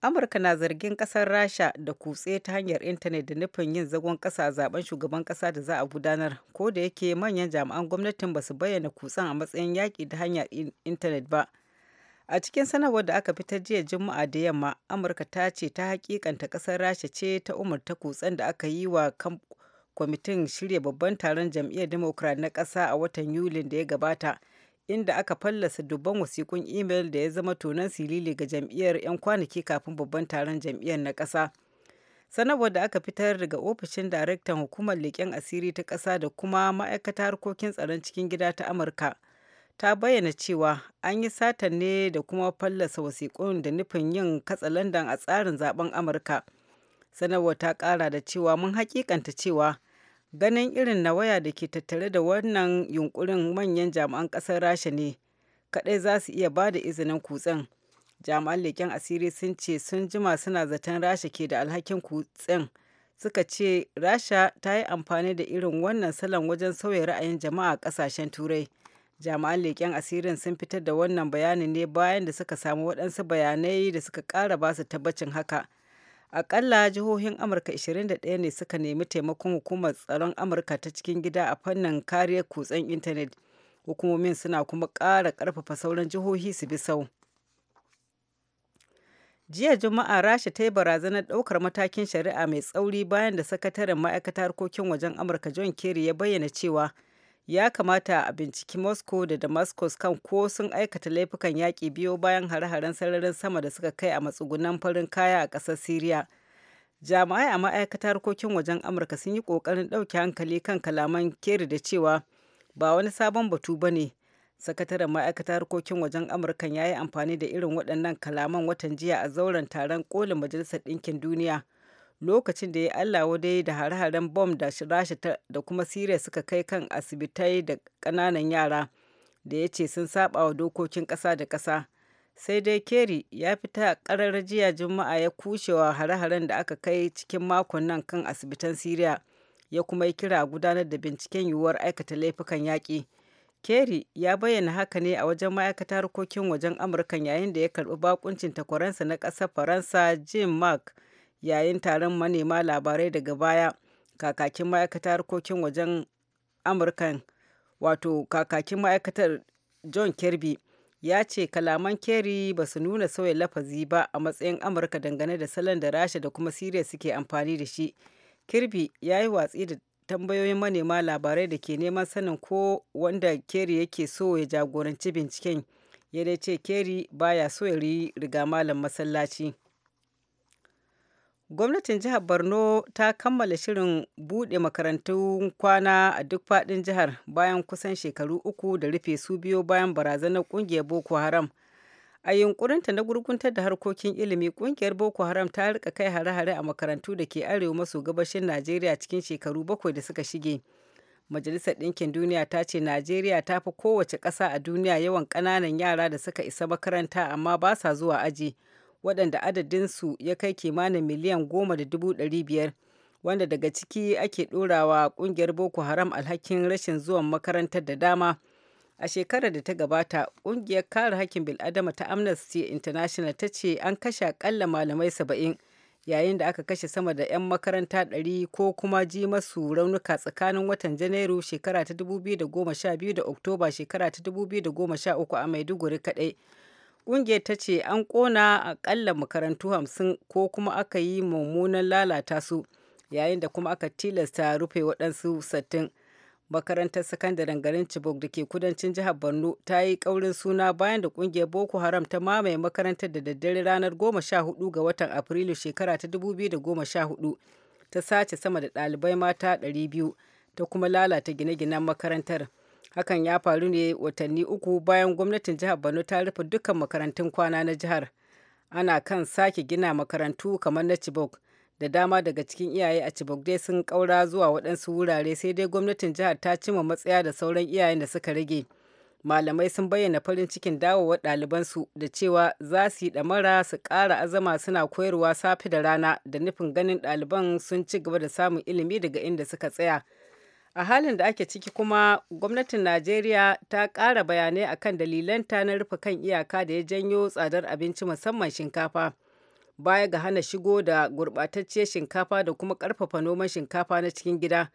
amurka na zargin kasar rasha da kutse ta hanyar intanet da nufin yin zagon kasa a zaben shugaban kasa da za a gudanar ko da yake manyan jami'an gwamnatin ba su bayyana kutsen a matsayin yaƙi da hanyar intanet ba a cikin sanarwar da aka fitar jiya juma'a da yamma amurka ta ce ta hakikanta kasar rasha ce ta umarta kutsen da aka yi wa kwamitin shirya babban taron jam'iyyar democrat na kasa a watan yulin da ya gabata inda aka fallasa dubban wasikun imel da ya zama tonon silili ga jam'iyyar 'yan kwanaki kafin babban taron jam'iyyar na ƙasa. sanarwar da aka fitar daga ofishin daraktan hukumar leƙen asiri ta ƙasa da kuma ma'aikata harkokin tsaron cikin gida ta amurka ta bayyana cewa an yi satan ne da kuma fallasa wasiƙun da nufin yin katsalandan a tsarin zaben amurka sanarwar ta ƙara da cewa mun hakikanta cewa ganin irin na waya da ke tattare da wannan yunkurin manyan jami'an ƙasar rasha ne kaɗai za su iya ba da izinin kutsen jami'an leƙen asiri sun ce sun jima suna zaton rasha ke da alhakin kutsen suka ce rasha ta yi amfani da irin wannan salon wajen sauya ra'ayin jama'a a ƙasashen turai jami'an leƙen asirin sun fitar da wannan bayanin ne bayan da suka samu waɗansu bayanai da suka ƙara basu tabbacin haka Akalla jihohin Amurka 21 ne suka nemi taimakon Hukumar Tsaron Amurka ta cikin gida a fannin kariyar kutsen intanet. Hukumomin suna kuma ƙara ƙarfafa sauran jihohi su bi sau. Jiya Juma'a Rasha ta yi barazanar ɗaukar matakin shari'a mai tsauri bayan da sakataren ma'aikatar harkokin wajen Amurka John Kerry ya bayyana cewa ya kamata a binciki moscow da damascus kan ko sun aikata laifukan yaƙi biyu bayan hare-haren sararin sama da suka kai a matsugunan farin kaya a ƙasar syria jami'ai a ma'aikatar harkokin wajen amurka sun yi ƙoƙarin ɗauke hankali kan kalaman keri da cewa ba wani sabon batu ba ne sakataren ma'aikatar harkokin wajen amurka ya yi amfani da irin waɗannan kalaman watan jiya a zauren taron ƙolin majalisar ɗinkin duniya lokacin da ya Allah wadai da hare-haren bom da rasha da kuma siriya suka kai kan asibitai da ƙananan yara da ya ce sun saba wa dokokin ƙasa da ƙasa sai dai kerry ya fita ƙarar jiya juma'a ya kushewa hare-haren da aka kai cikin makon nan kan asibitan siriya ya kuma yi kira gudanar da binciken yiwuwar aikata laifukan yaƙi kerry ya bayyana haka ne a wajen ma'aikatar harkokin wajen amurka yayin da ya karɓi bakuncin takwaransa na ƙasar faransa jim mark yayin taron manema labarai daga baya kakakin ma'aikatar harkokin wajen amurkan wato kakakin ma'aikatar john kirby ya ce kalaman kerry ba su nuna sauya lafazi ba a matsayin amurka dangane da salon da rasha da kuma siriya suke amfani da shi kirby ya yi watsi da tambayoyin manema labarai da ke neman sanin ko wanda kerry yake so ya jagoranci binciken ya dai ce kerry baya so ya riga malam masallaci Gwamnatin jihar Borno ta kammala shirin buɗe makarantun kwana a duk faɗin jihar bayan kusan shekaru uku da rufe su biyo bayan barazanar ƙungiyar Boko Haram. A yunkurinta na gurguntar da harkokin ilimi, ƙungiyar Boko Haram ta rika kai hare-hare a makarantu da ke arewa maso gabashin Najeriya cikin shekaru bakwai da suka shige. Majalisar Ɗinkin Duniya ta ce Najeriya ta fi kowace ƙasa a duniya yawan ƙananan yara da suka isa makaranta amma ba sa zuwa aji. waɗanda adadinsu ya kai kimanin miliyan goma da dubu ɗari biyar wanda daga ciki ake ɗorawa ƙungiyar boko haram alhakin rashin zuwan makarantar da dama a shekarar da ta gabata ƙungiyar kare hakkin bil'adama ta amnesty international ta ce an kashe akalla malamai saba'in yayin da aka kashe sama da 'yan makaranta 100 ko kuma ji masu raunuka tsakanin watan janairu shekara ta 2012 da oktoba shekara ta 2013 a maiduguri kaɗai Ƙungiyar ta ce an ƙona aƙalla makarantu hamsin ko kuma aka yi mummunan lalata su yayin da kuma aka tilasta rufe waɗansu sattin. Makarantar sakandaren garin Chibok da ke kudancin jihar Borno ta yi ƙaurin suna bayan da ƙungiyar Boko Haram ta mamaye makarantar da daddare ranar 14 ga watan Afrilu shekara ta 2014 ta sace sama da ɗalibai mata 200 ta kuma lalata gine-ginen makarantar. hakan ya faru ne watanni uku bayan gwamnatin jihar bano ta rufe dukkan makarantun kwana na jihar ana kan sake gina makarantu kamar na chibok da dama daga cikin iyaye a chibok dai sun kaura zuwa waɗansu wurare sai dai gwamnatin jihar ta cima matsaya da sauran iyayen da suka rage malamai sun bayyana farin cikin dawowa ɗalibansu da cewa za su yi ɗamara su ƙara azama suna koyarwa safe da rana da nufin ganin ɗaliban sun ci gaba da samun ilimi daga inda suka tsaya a halin da ake ciki kuma gwamnatin najeriya ta ƙara bayanai akan ta na rufe kan iyaka da ya janyo tsadar abinci musamman shinkafa baya ga hana shigo da gurɓatacciyar shinkafa da kuma ƙarfafa noman shinkafa na cikin gida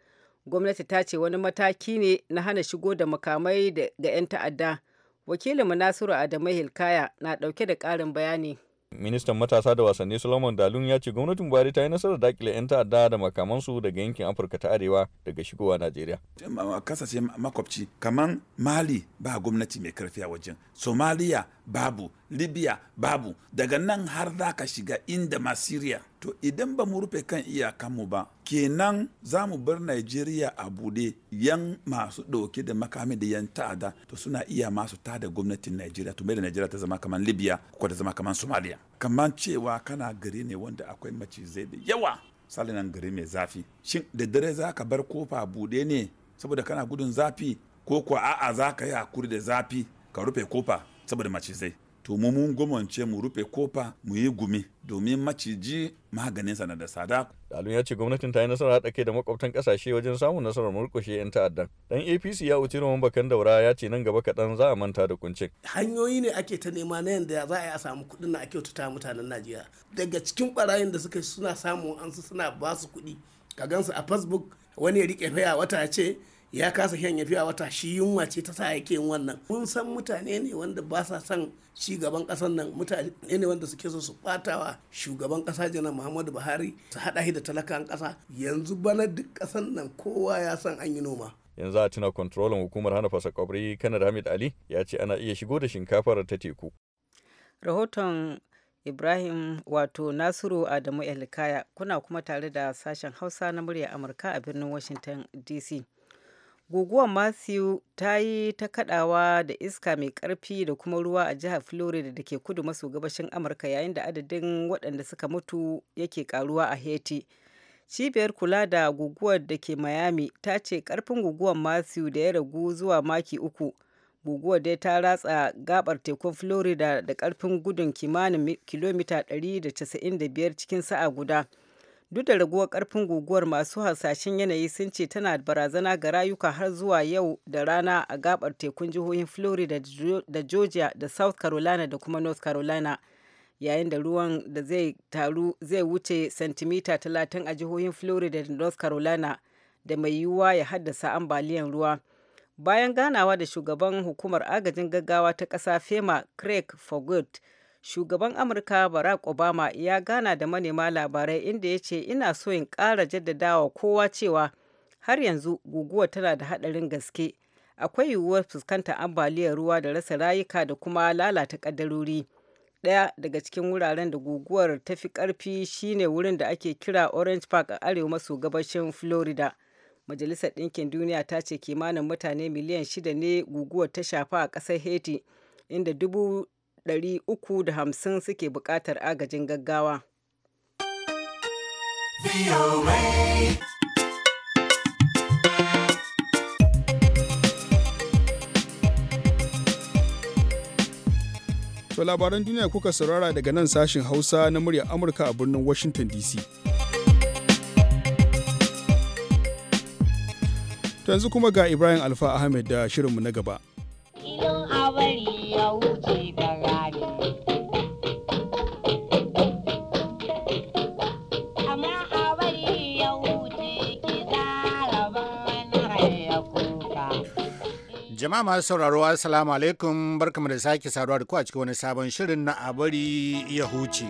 gwamnati ta ce wani mataki ne na hana shigo da makamai ga 'yan ta'adda wakilinmu nasiru adamu hilkaya na ɗauke da ƙarin bayani Ministan matasa da wasanni Solomon Dalun ya ce gwamnatin Buhari ta yi nasarar dakile 'yan ta'adda da makamansu daga yankin Afirka ta Arewa daga shigowa Najeriya. Kasashe makwabci kaman Mali ba gwamnati mai karfi a wajen. Somaliya babu libya babu daga nan har za ka shiga inda ma syria to idan ba mu rufe kan iyakanmu ba kenan za mu bar nigeria a bude yan masu ɗauke da makami da yan ta'ada to suna iya masu tada gwamnatin nigeria to mai da nigeria ta zama kamar libya ko ta zama kamar somalia kamar cewa kana gari ne wanda akwai macizai da yawa salinan gari mai zafi shin da dare za ka bar kofa bude ne saboda kana gudun zafi ko kuwa a'a za ka yi hakuri da zafi ka rufe kofa saboda macizai to mu mun gwamnance mu rufe kofa mu yi gumi domin maciji maganinsa sana da tsada. dalu ya ce gwamnatin ta yi nasara haɗa kai da makwabtan ƙasashe wajen samun nasarar murƙushe 'yan ta'addan. Dan APC ya wuce Roman Bakan Daura ya ce nan gaba kaɗan za a manta da kuncin. Hanyoyi ne ake ta nema na yanda za a yi a samu kuɗin na a ta mutanen Najeriya. Daga cikin ɓarayin da suka suna samu an su suna basu kuɗi. Ka gansu a Facebook wani ya riƙe faya wata ce ya kasa shan ya a wata shi yunwa ce ta sa yake yin wannan mun san mutane ne wanda ba sa son ci gaban kasar nan mutane ne wanda suke so su batawa shugaban kasa janar muhammadu buhari su hada shi da talakan kasa yanzu bana duk kasar nan kowa ya san an yi noma yanzu a tuna kontrolin hukumar hana fasa kwabri kanar hamid ali ya ce ana iya shigo da shinkafar ta teku rahoton Ibrahim wato Nasiru Adamu Elkaya kuna kuma tare da sashen Hausa na murya Amurka a birnin Washington DC. Guguwar Matthew ta yi ta kadawa da iska mai karfi da kuma ruwa a jihar Florida da ke kudu maso gabashin Amurka yayin da adadin waɗanda suka mutu yake karuwa a Haiti. Cibiyar kula da guguwar da ke Miami ta ce karfin guguwar Matthew da ya ragu zuwa maki uku. Guguwar dai ta ratsa gabar tekun Florida da karfin gudun kimanin kilomita 195 cikin sa'a guda. duk da raguwar karfin guguwar masu hasashen yanayi sun ce tana barazana ga rayuka har zuwa yau da rana a gabar tekun jihohin florida da georgia da south carolina da kuma north carolina yayin da ruwan da zai taru zai wuce santimita 30 a jihohin florida da north carolina da mai yiwuwa ya haddasa ambaliyan ruwa bayan ganawa da shugaban hukumar agajin gaggawa ta ƙasa fema craig for good. shugaban amurka barack obama ya gana da manema labarai inda ya ce ina so in ƙara jaddadawa kowa cewa har yanzu guguwa tana da haɗarin gaske akwai yiwuwar fuskanta ambaliyar ruwa da rasa rayuka da kuma lalata ƙadarori ɗaya daga cikin wuraren da guguwar ta fi ƙarfi shine wurin da ake kira orange park a arewa maso gabashin florida majalisar ɗinkin duniya ta ce kimanin mutane miliyan shida ne guguwar ta shafa a ƙasar haiti inda dubu 350 suke buƙatar agajin gaggawa. To labaran duniya kuka saurara daga nan sashin Hausa na muryar Amurka a birnin Washington DC. yanzu kuma ga Ibrahim Alfa Ahmed da shirinmu na gaba. Jama'a masu sauraro Assalamu alaikum barkamu da sake saduwa da ku a cikin wani sabon shirin na abari ya huce.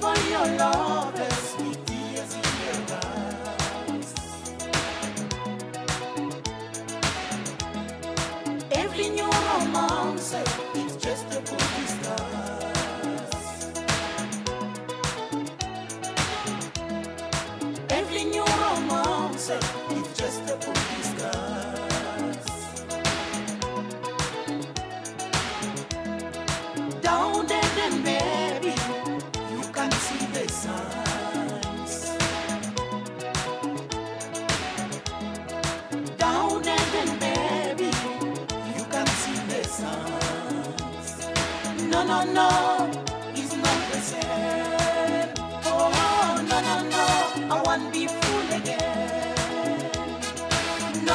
for your love. Oh, no,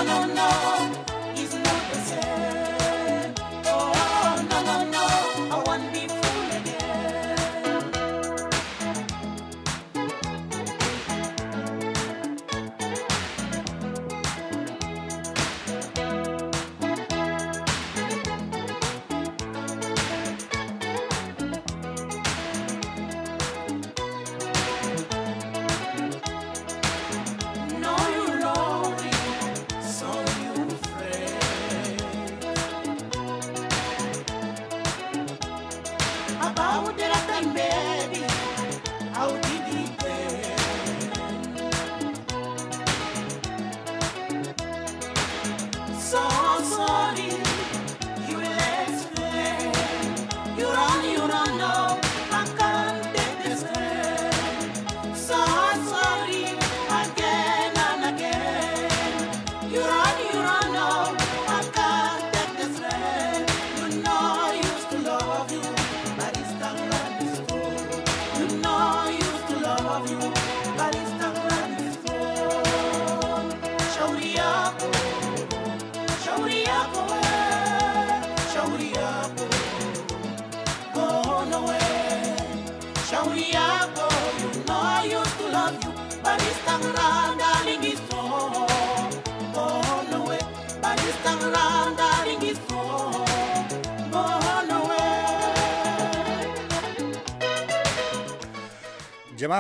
no, no.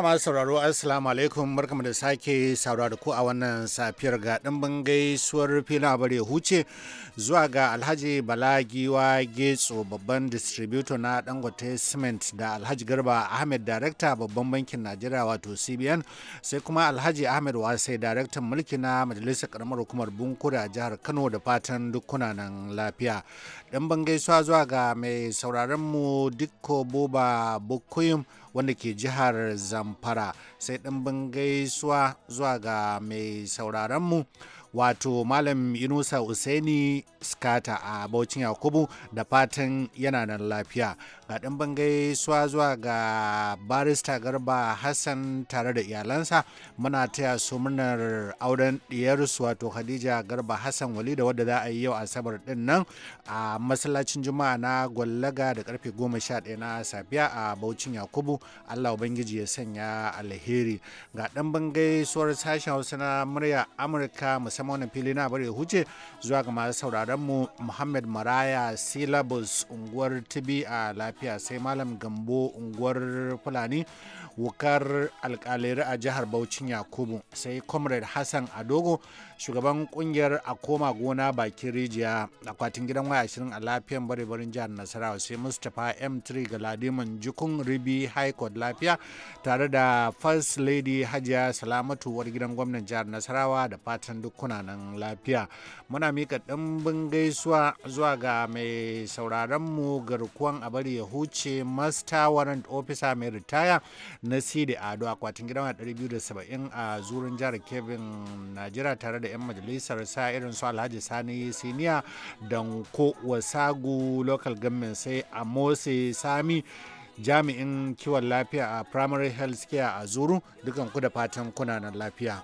masu sauraro Assalamu alaikum barkamu da sake sauraro ko ku a wannan safiyar ga dimbin gaisuwar filin abar ya huce zuwa ga alhaji bala giwa getso babban distributor na dangote cement da alhaji garba ahmed director babban bankin najeriya wato cbn sai kuma alhaji ahmed wasai director mulki na majalisar karamar hukumar bunkura jihar kano da fatan dukkuna nan lafiya dan gaisuwa zuwa ga mai sauraron mu dikko boba bukuyum wanda ke jihar zamfara sai dan gaisuwa zuwa ga mai sauraron mu wato malam yunusa usaini skata a baucin yakubu da fatan yana nan lafiya ga dan bangai suwa zuwa ga barista garba hassan tare da iyalansa muna taya su murnar auren ɗiyarsu wato khadija garba hassan wali da wadda za a yi yau asabar ɗin nan a masallacin juma'a na gwallaga da karfe 11 na safiya a baucin yakubu allah ubangiji ya sanya alheri ga ɗan bangai suwar sashen hausa na murya amurka musamman ƙarshen fili na bari huce zuwa ga masu sauraron mu Muhammad Maraya Syllabus unguwar Tibi a lafiya sai Malam Gambo unguwar Fulani wukar alkalari a jihar Bauchin Yakubu sai Comrade Hassan Adogo shugaban kungiyar a koma gona bakin rijiya akwatin gidan waya shirin a lafiyan bari barin jihar Nasarawa sai Mustapha M3 Galadiman Jukun Ribi High Court lafiya tare da First Lady Hajiya Salamatu uwar gidan gwamnan jihar Nasarawa da fatan dukkan zauna lafiya muna mika ɗimbin gaisuwa zuwa ga mai sauraron mu garkuwan abari ya huce master warrant officer mai ritaya na sidi ado akwatin gidan 270 a zurin jihar kebin najeriya tare da 'yan majalisar sa irin su alhaji sani siniya ko wasagu local government sai a mose sami jami'in kiwon lafiya a primary health care a zuru dukan ku da fatan kuna lafiya.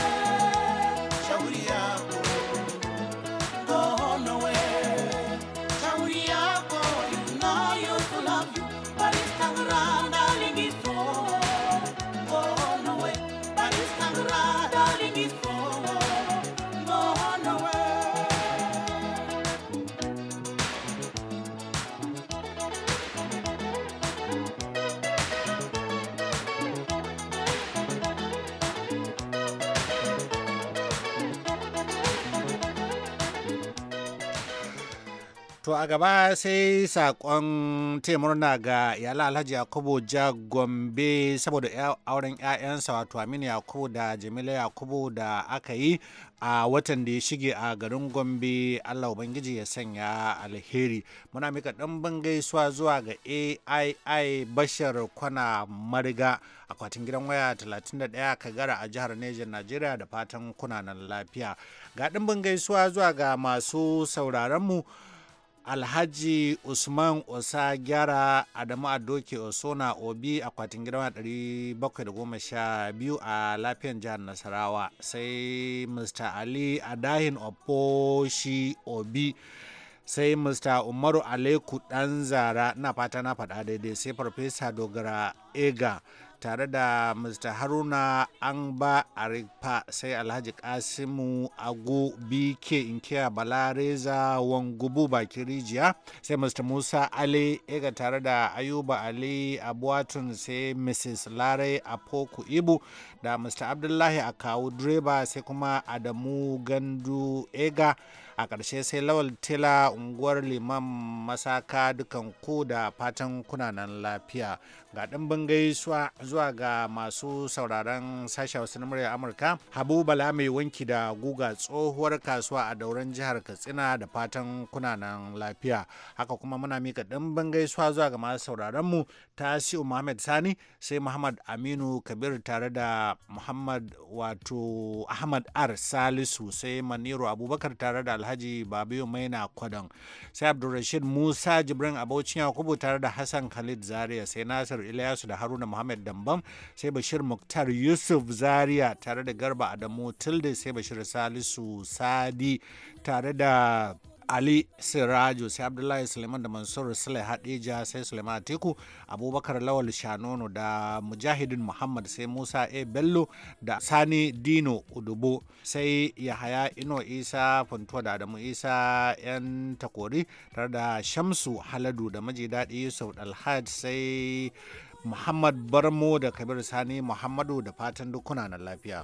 To a gaba sai sakon murna ga iyalan Alhaji Yakubu ja Gombe saboda auren 'ya'yansa wato Aminu Yakubu da Jamila Yakubu da aka yi a watan da ya shige a garin Gombe Allah Ubangiji ya sanya alheri. Muna mika ɗan gaisuwa zuwa ga AII Bashar Kwana Mariga akwatin gidan waya 31 Kagara a jihar Neja Najeriya da fatan kunanan lafiya. Ga ɗimbin gaisuwa zuwa ga masu sauraronmu mu alhaji usman osa gyara adamu a adoke osona obi akwatin gidan 712 a lafiyan jihar nasarawa sai mr ali adahin oposhi obi sai mr umaru aleku dan zara na fata na faɗa daidai sai farfesa dogara ega tare da mr haruna an ba a rikpa sai alhaji kasimu agu bk inkiya balareza wangubu baki rijiya sai mr musa ali ega tare da ayuba ali abuwatun sai mrs lare apoku ibu da mr abdullahi a kawo direba sai kuma adamu gandu ega a ƙarshe sai lawal tela unguwar liman masaka dukan ku da fatan kunanan lafiya ga ɗimbin gaisuwa zuwa ga masu sauraron sashe wasu na murya amurka habu bala mai wanki da guga tsohuwar kasuwa a dauran jihar katsina da fatan kunanan lafiya haka kuma muna mika ɗan gaisuwa zuwa ga masu sauraron mu tasiu muhammad sani sai muhammad aminu kabir tare da muhammad wato ahmad r salisu sai maniru abubakar tare da alhaji babiyu maina kwadon sai abdulrashid musa jibrin Abocin yakubu tare da hassan khalid zaria sai nasir ilyasu da haruna muhammad dambam sai bashir muktar yusuf zaria tare da garba adamu tilde sai bashir salisu sadi tare da ali sirajo sai abdullahi suleiman da mansur sule Hadija sai suleiman teku abubakar lawal shanono da mujahidin muhammad sai musa a bello da sani dino udubo sai yahaya ino isa funtuwa da adamu isa yan takori tare da shamsu haladu da maji daɗi yusuf alhaj sai muhammad barmo da kabir sani muhammadu da fatan dukuna na lafiya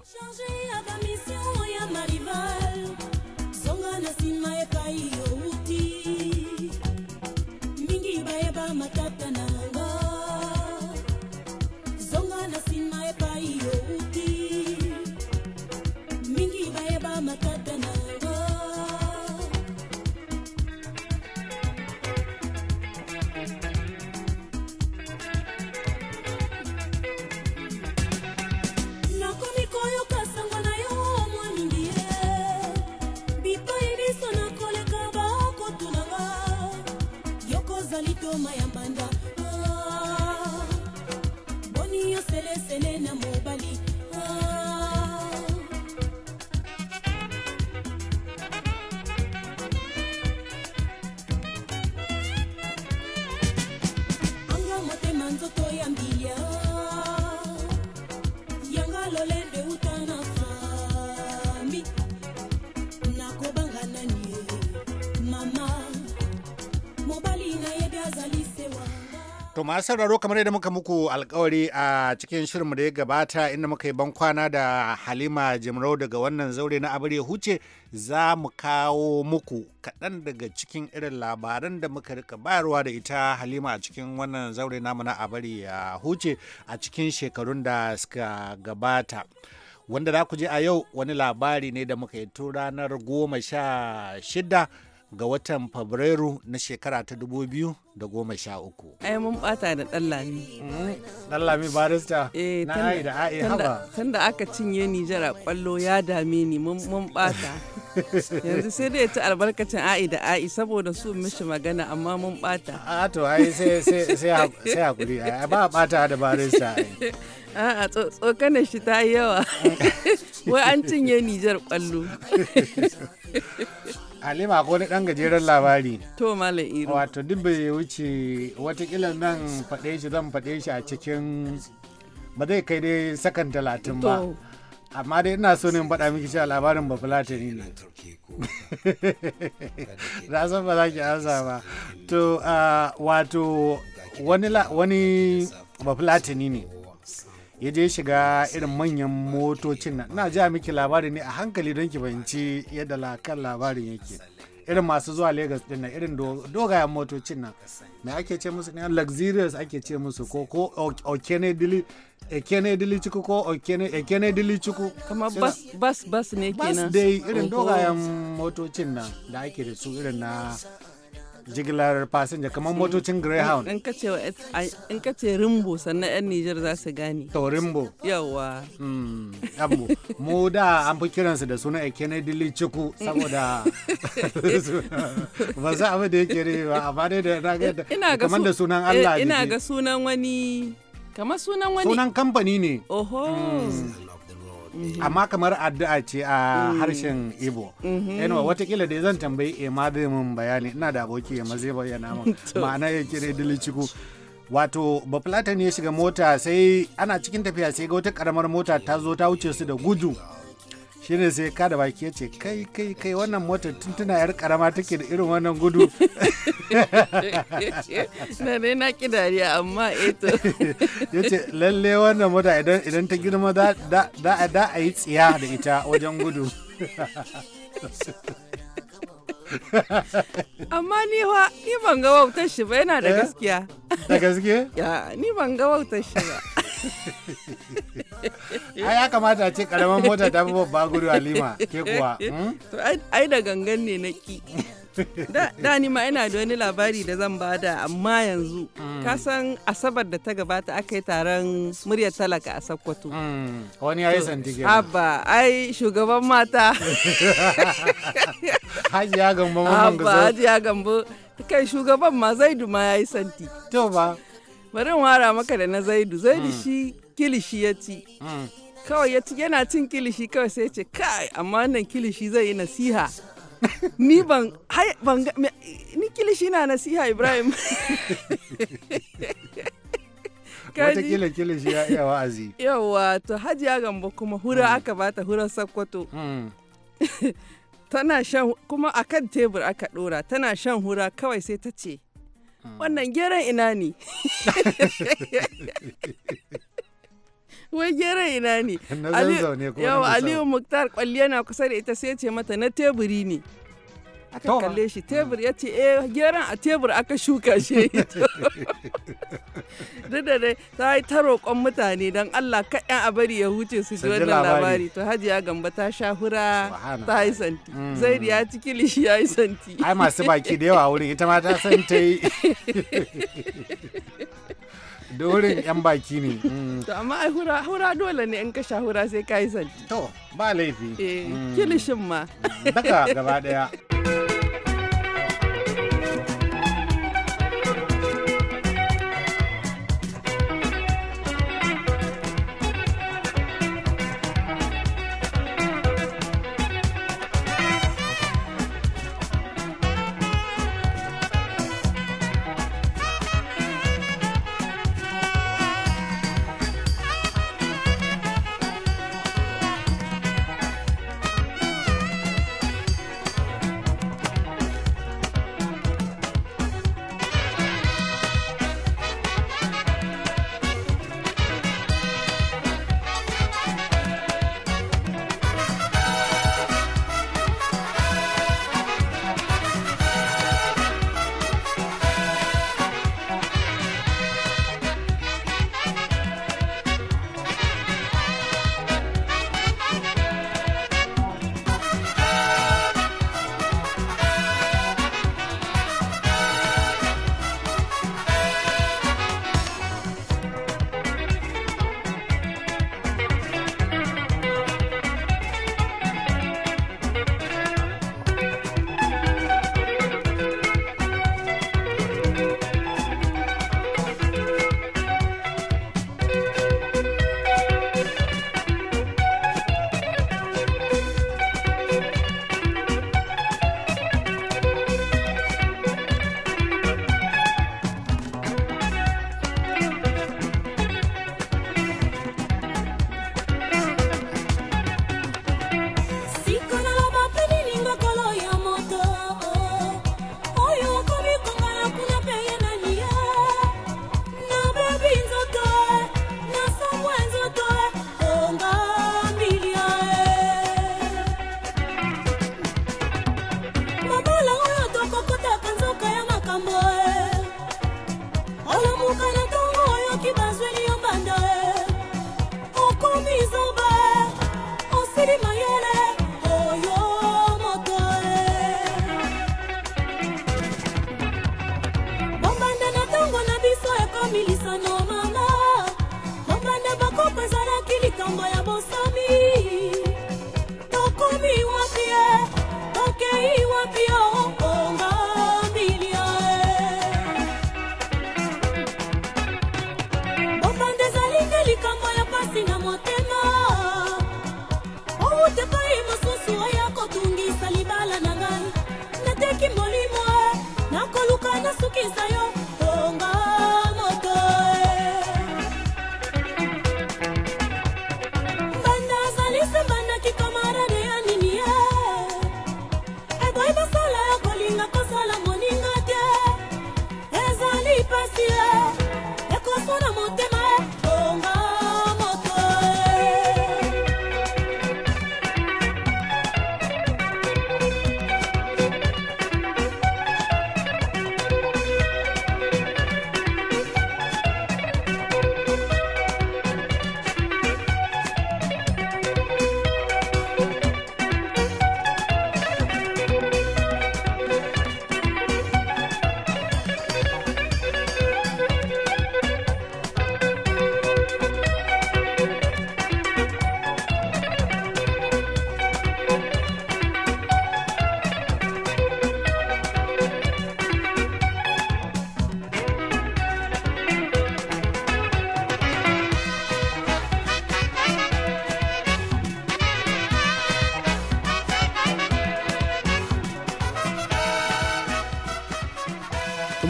ngoma ya mbanda ah, boni yo selesele na mobali To masu sauraro kamar yadda muka muku alkawari a cikin shirinmu da ya gabata inda muka yi bankwana da Halima Jimrau daga wannan zaure na abar huce za mu kawo muku kaɗan daga cikin irin labaran da muka rika bayarwa da ita Halima a cikin wannan zaure namu na Abare ya huce a cikin shekarun da suka gabata. Wanda za ku je a yau wani labari ne da muka yi tun ranar goma sha shida ga watan Fabrairu na shekara ta 2013. Ai mun bata da dallami. Dallami hmm? barista eh, na ai da ai haba. Tunda aka cinye Nijar a kwallo ya dame ni mun bata. Yanzu sai dai ta albarkacin ai da ai saboda su mishi magana amma mun bata. A to ai sai hakuri ba bata da barista. A'a tsokanar shi ta yi yawa. Wai an cinye Nijar kwallo. halima ko wani dan gajeren labari to malam iro wato duk bai wuce watakila nan faɗe shi zan faɗe shi a cikin ba zai kai dai sakan talatin ba amma dai ina so ne faɗa miki cewa labarin ba fulatani ne na san ba za ki ansa ba to ah, wato wani ba fulatani ne ya je shiga irin manyan motocin nan na ja miki labari ne a hankali don ki fahimci yadda kan labarin yake irin masu zuwa Legas din nan irin dogayen motocin nan mai ake ce musu ne luxurious ake ce musu ko ko okene dili ekene dili ciku ko okene ekene dili ciku kuma bas bas ne kenan bas dai irin dogayen motocin nan da ake da su irin na jigilar fasinja kamar motocin greyhound in ka ce rimbo sannan yan nijar za su gani. to rimbo yawa hmm, abu mu da an fi kiransu da suna ekene dili ciku saboda ba za abu da yake rewa a fadai da na kamar da sunan allah eh, ina ga sunan wani kamar sunan wani sunan kamfani ne oho hmm. Mhm. amma kamar addu'a ce a mhm. harshen Igbo yanuwa mhm. watakila dai zan tambayi Ema eh, zai mun bayani ina da aboki ya zai bayyana mun ma'ana ya kire dilichiku wato ba ne ya shiga mota sai ana cikin tafiya sai ga wata karamar mota ta zo ta wuce su da gudu shine sai ka da baki ya ce kai kai kai wannan motar tuntuna yar karama take da irin wannan gudu na dai na ki dariya amma eto eh ya ce lalle wannan mota idan ta girma da a yi tsiya da ita wajen gudu amma ni wa ni ban ga wautar shi ba yana da eh? gaskiya da gaskiya ni ban ga wautar shi ba ai ya kamata ce karamin mota ta fi babba gudu halima ke kuwa hmm? to ai da gangan ne na ki da ni ma ina da wani labari da zan bada amma yanzu hmm. ka san asabar da ta gabata aka yi taron muryar talaka a sakkwato hmm. wani ya yi sandige abba ai shugaban mata hajiya gambo mamman Haji hajiya gambo kai shugaban ma zaidu ma ya yi santi to ba bari in wara maka da na zaidu zaidu hmm. shi kilishi ya ci hmm. kawai ya ci yana cin kilishi kawai sai ya ce kai amma wannan kilishi zai yi nasiha ni ban ban ni kilishi na nasiha ibrahim watakila kilishi ya iya wa'azi yawa to hajiya gamba kuma hura hmm. aka bata hura sakkwato tana shan kuma akan tebur aka dora tana shan hura kawai sai ta ce Mm. wannan geran ina ne wai geran ina ne aliyu muktar kwalliya na kusa da ita sai ce mata na teburi ne aka kalle shi tebur ya ce eh geran a tebur aka shuka shi duk da dai ta yi ta roƙon mutane don Allah ka a bari ya huce su ji wannan labari to hajiya gamba ta sha hura ta yi santi mm. zaidi ya ci kilishi ya yi santi ai masu baki da yawa wurin ita ma ta san ta yi da wurin yan baki ne mm. to amma ai hura hura dole ne in ka sha hura sai ka yi santi to ba laifi eh, mm. kilishin ma daga gaba daya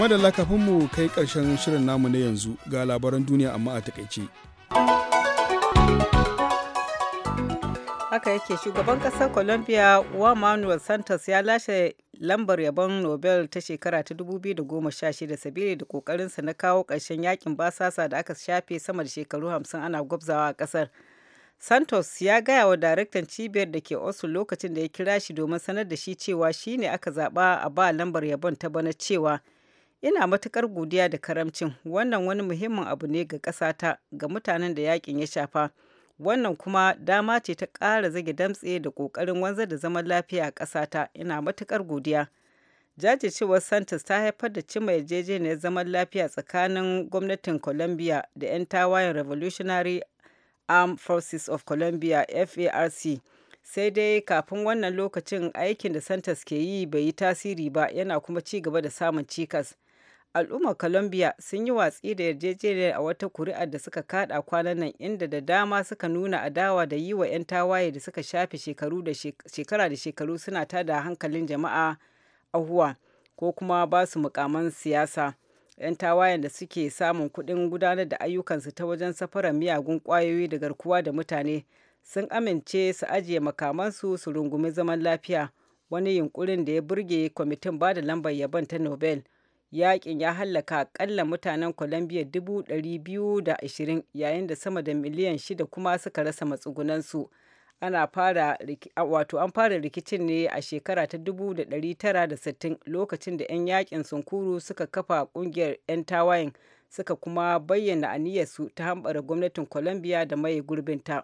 madalla kafin mu kai ƙarshen shirin namu na yanzu ga labaran duniya amma a takaice. haka yake shugaban ƙasar colombia juan manuel santos ya lashe lambar yabon nobel ta shekara ta 2016 sabili da kokarinsa na kawo ƙarshen yakin basasa da aka shafe sama da shekaru 50 ana gwabzawa a ƙasar santos ya gaya wa daraktan cibiyar da ke osu lokacin da ya kira shi domin sanar da shi cewa shi ne aka zaba a ba lambar yabon ta bana cewa Ina matukar godiya da karamcin, wannan wani muhimmin abu ne ga ƙasata ga mutanen da yakin ya shafa. Wannan kuma dama ce ta kara zage damtse da ƙoƙarin wanzar da zaman lafiya a ƙasata. Ina matukar godiya. Jajircewar Santos ta haifar da cimma yarjejeniyar zaman lafiya tsakanin gwamnatin Colombia da 'yan tawayen Revolutionary Armed Forces of Colombia FARC. Sai dai kafin wannan lokacin aikin da Santos ke yi bai yi tasiri ba yana kuma ci gaba da samun cikas. al'ummar colombia sun yi watsi da yarjejeniyar a wata kuri'a da suka kada kwanan nan inda da dama suka nuna adawa da yi wa 'yan tawaye da suka shafe shekaru da shekara da shekaru suna tada hankalin jama'a ahuwa ko kuma ba su mukaman siyasa 'yan tawayen da suke samun kuɗin gudanar da ayyukansu ta wajen safarar miyagun ƙwayoyi da garkuwa da mutane sun amince su ajiye makamansu su rungumi zaman lafiya wani yunkurin da ya burge kwamitin ba da lambar yabon ta nobel yakin ya hallaka akalla mutanen colombia 220 yayin da sama da miliyan shida kuma suka rasa matsugunansu ana fara wato an fara rikicin ne a shekara ta 1960 lokacin da 'yan yakin sunkuru suka kafa kungiyar 'yan tawayen suka kuma bayyana aniyarsu ta hambara gwamnatin colombia da maye gurbinta